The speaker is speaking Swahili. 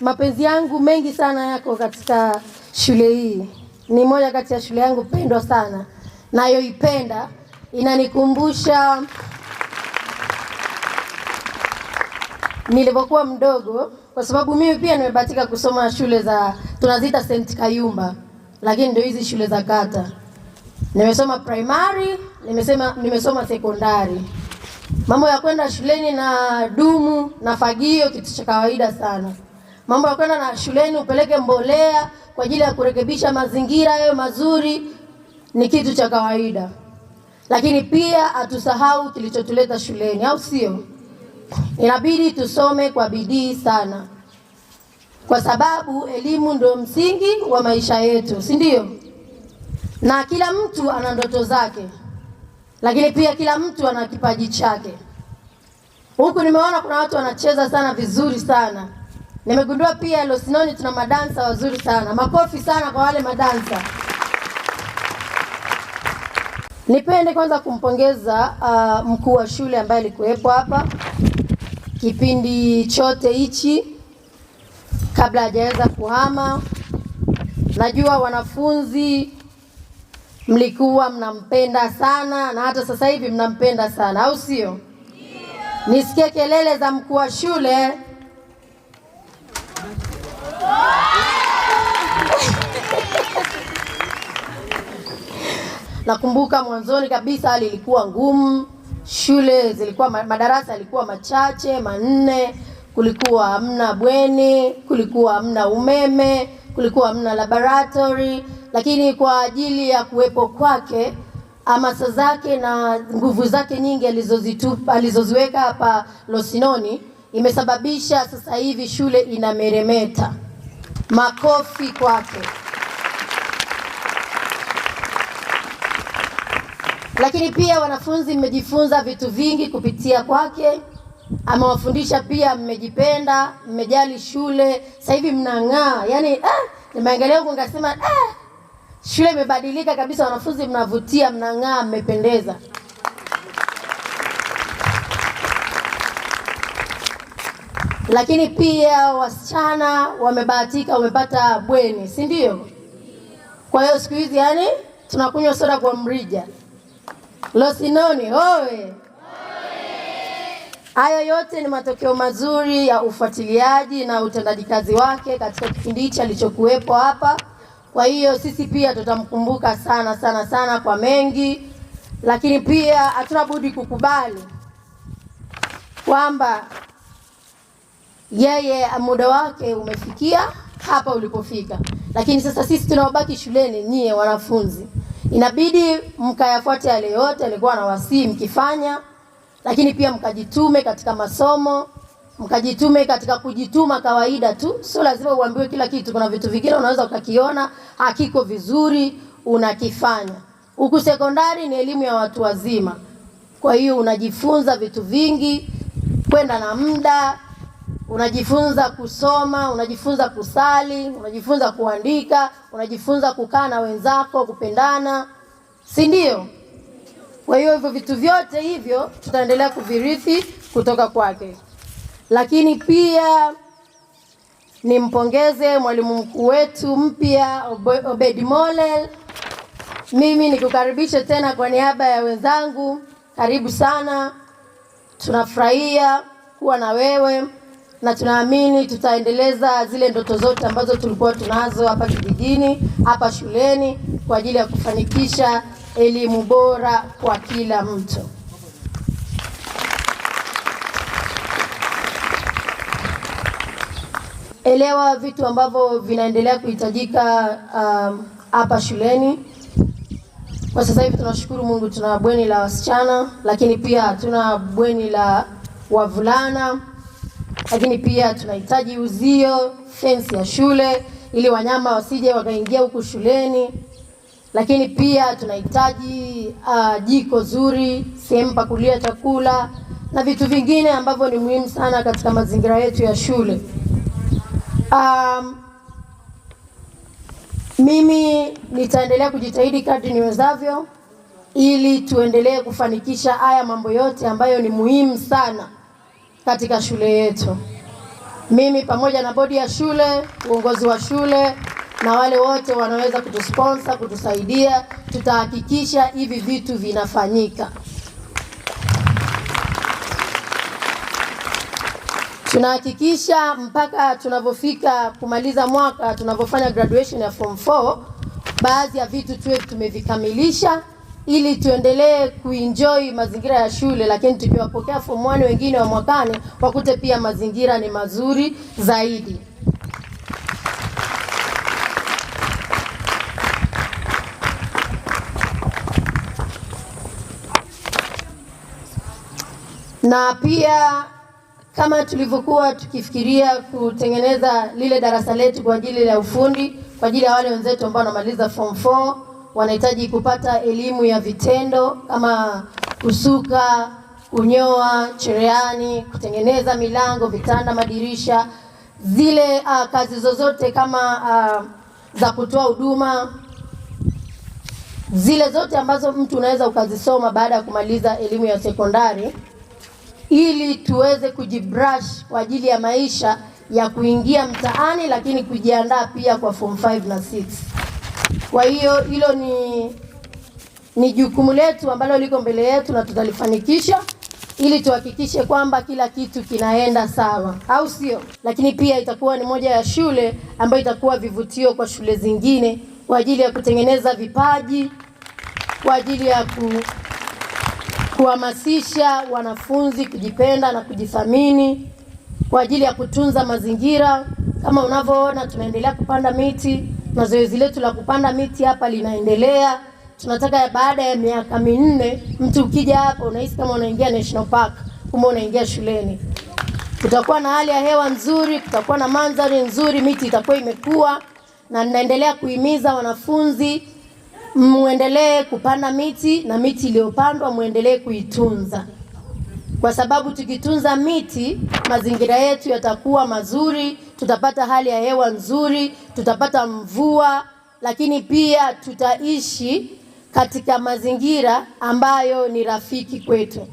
Mapenzi yangu mengi sana yako katika shule hii. Ni moja kati ya shule yangu pendwa sana, nayoipenda. Inanikumbusha nilipokuwa mdogo, kwa sababu mimi pia nimebahatika kusoma shule za tunaziita St. Kayumba, lakini ndio hizi shule za kata. Nimesoma primary, nimesema nimesoma sekondari. Mambo ya kwenda shuleni na dumu na fagio kitu cha kawaida sana mambo ya kwenda na shuleni upeleke mbolea kwa ajili ya kurekebisha mazingira hayo mazuri ni kitu cha kawaida, lakini pia hatusahau kilichotuleta shuleni, au sio? Inabidi tusome kwa bidii sana, kwa sababu elimu ndio msingi wa maisha yetu, si ndio? Na kila mtu ana ndoto zake, lakini pia kila mtu ana kipaji chake. Huku nimeona kuna watu wanacheza sana vizuri sana Nimegundua pia Losinoni tuna madansa wazuri sana. Makofi sana kwa wale madansa. Nipende kwanza kumpongeza uh, mkuu wa shule ambaye alikuwepo hapa kipindi chote hichi kabla hajaweza kuhama. Najua wanafunzi mlikuwa mnampenda sana na hata sasa hivi mnampenda sana, au sio? Nisikie kelele za mkuu wa shule. Nakumbuka mwanzoni kabisa hali ilikuwa ngumu, shule zilikuwa, madarasa yalikuwa machache manne, kulikuwa hamna bweni, kulikuwa hamna umeme, kulikuwa hamna laboratory, lakini kwa ajili ya kuwepo kwake hamasa zake na nguvu zake nyingi alizozitupa alizoziweka hapa Losinoni imesababisha sasa hivi shule inameremeta. Makofi kwake. Lakini pia wanafunzi, mmejifunza vitu vingi kupitia kwake. Amewafundisha pia, mmejipenda, mmejali shule, sasa hivi mnang'aa. Yaani eh, nimeangalia huko nikasema eh, shule imebadilika kabisa, wanafunzi mnavutia, mnang'aa, mmependeza. Lakini pia wasichana wamebahatika, wamepata bweni, si ndio? Kwa hiyo siku hizi yani tunakunywa soda kwa mrija, losinoni owe. Hayo yote ni matokeo mazuri ya ufuatiliaji na utendaji kazi wake katika kipindi hichi alichokuwepo hapa. Kwa hiyo sisi pia tutamkumbuka sana sana sana kwa mengi, lakini pia hatuna budi kukubali kwamba yeye muda wake umefikia hapa ulipofika, lakini sasa sisi tunaobaki shuleni, nyie wanafunzi, inabidi mkayafuate yale yote alikuwa anawasii mkifanya, lakini pia mkajitume katika masomo, mkajitume katika kujituma kawaida tu. Sio lazima uambiwe kila kitu. Kuna vitu vingine unaweza ukakiona hakiko vizuri, unakifanya huku. Sekondari ni elimu ya watu wazima, kwa hiyo unajifunza vitu vingi, kwenda na muda unajifunza kusoma, unajifunza kusali, unajifunza kuandika, unajifunza kukaa na wenzako, kupendana, si ndio? Kwa hiyo hivyo vitu vyote hivyo tutaendelea kuvirithi kutoka kwake, lakini pia nimpongeze mwalimu mkuu wetu mpya Obedi Molel. Mimi nikukaribishe tena kwa niaba ya wenzangu, karibu sana, tunafurahia kuwa na wewe na tunaamini tutaendeleza zile ndoto zote ambazo tulikuwa tunazo hapa kijijini, hapa shuleni kwa ajili ya kufanikisha elimu bora kwa kila mtu. Elewa vitu ambavyo vinaendelea kuhitajika um, hapa um, shuleni kwa sasa hivi. Tunashukuru Mungu, tuna bweni la wasichana, lakini pia tuna bweni la wavulana lakini pia tunahitaji uzio, fence ya shule ili wanyama wasije wakaingia huku shuleni, lakini pia tunahitaji uh, jiko zuri, sehemu pa kulia chakula na vitu vingine ambavyo ni muhimu sana katika mazingira yetu ya shule. Um, mimi nitaendelea kujitahidi kadri niwezavyo ili tuendelee kufanikisha haya mambo yote ambayo ni muhimu sana katika shule yetu. Mimi pamoja na bodi ya shule, uongozi wa shule na wale wote wanaweza kutusponsor, kutusaidia, tutahakikisha hivi vitu vinafanyika. Tunahakikisha mpaka tunavyofika kumaliza mwaka, tunavyofanya graduation ya form 4, baadhi ya vitu tuwe tumevikamilisha ili tuendelee kuenjoy mazingira ya shule, lakini tukiwapokea form wengine wa mwakani wakute pia mazingira ni mazuri zaidi. Na pia kama tulivyokuwa tukifikiria kutengeneza lile darasa letu kwa ajili ya ufundi kwa ajili ya wale wenzetu ambao wanamaliza form 4 wanahitaji kupata elimu ya vitendo kama kusuka, kunyoa, cherehani, kutengeneza milango, vitanda, madirisha, zile uh, kazi zozote kama uh, za kutoa huduma, zile zote ambazo mtu unaweza ukazisoma baada ya kumaliza elimu ya sekondari, ili tuweze kujibrush kwa ajili ya maisha ya kuingia mtaani, lakini kujiandaa pia kwa form 5 na 6. Kwa hiyo hilo ni ni jukumu letu ambalo liko mbele yetu na tutalifanikisha ili tuhakikishe kwamba kila kitu kinaenda sawa, au sio? Lakini pia itakuwa ni moja ya shule ambayo itakuwa vivutio kwa shule zingine kwa ajili ya kutengeneza vipaji, kwa ajili ya ku, kuhamasisha wanafunzi kujipenda na kujithamini, kwa ajili ya kutunza mazingira. Kama unavyoona tunaendelea kupanda miti na zoezi letu la kupanda miti hapa linaendelea. Tunataka baada ya miaka minne mtu ukija hapa unahisi kama unaingia national park, kumbe unaingia shuleni. Kutakuwa na hali ya hewa nzuri, kutakuwa na mandhari nzuri, miti itakuwa imekua, na ninaendelea kuhimiza wanafunzi muendelee kupanda miti na miti iliyopandwa muendelee kuitunza, kwa sababu tukitunza miti mazingira yetu yatakuwa mazuri tutapata hali ya hewa nzuri, tutapata mvua, lakini pia tutaishi katika mazingira ambayo ni rafiki kwetu.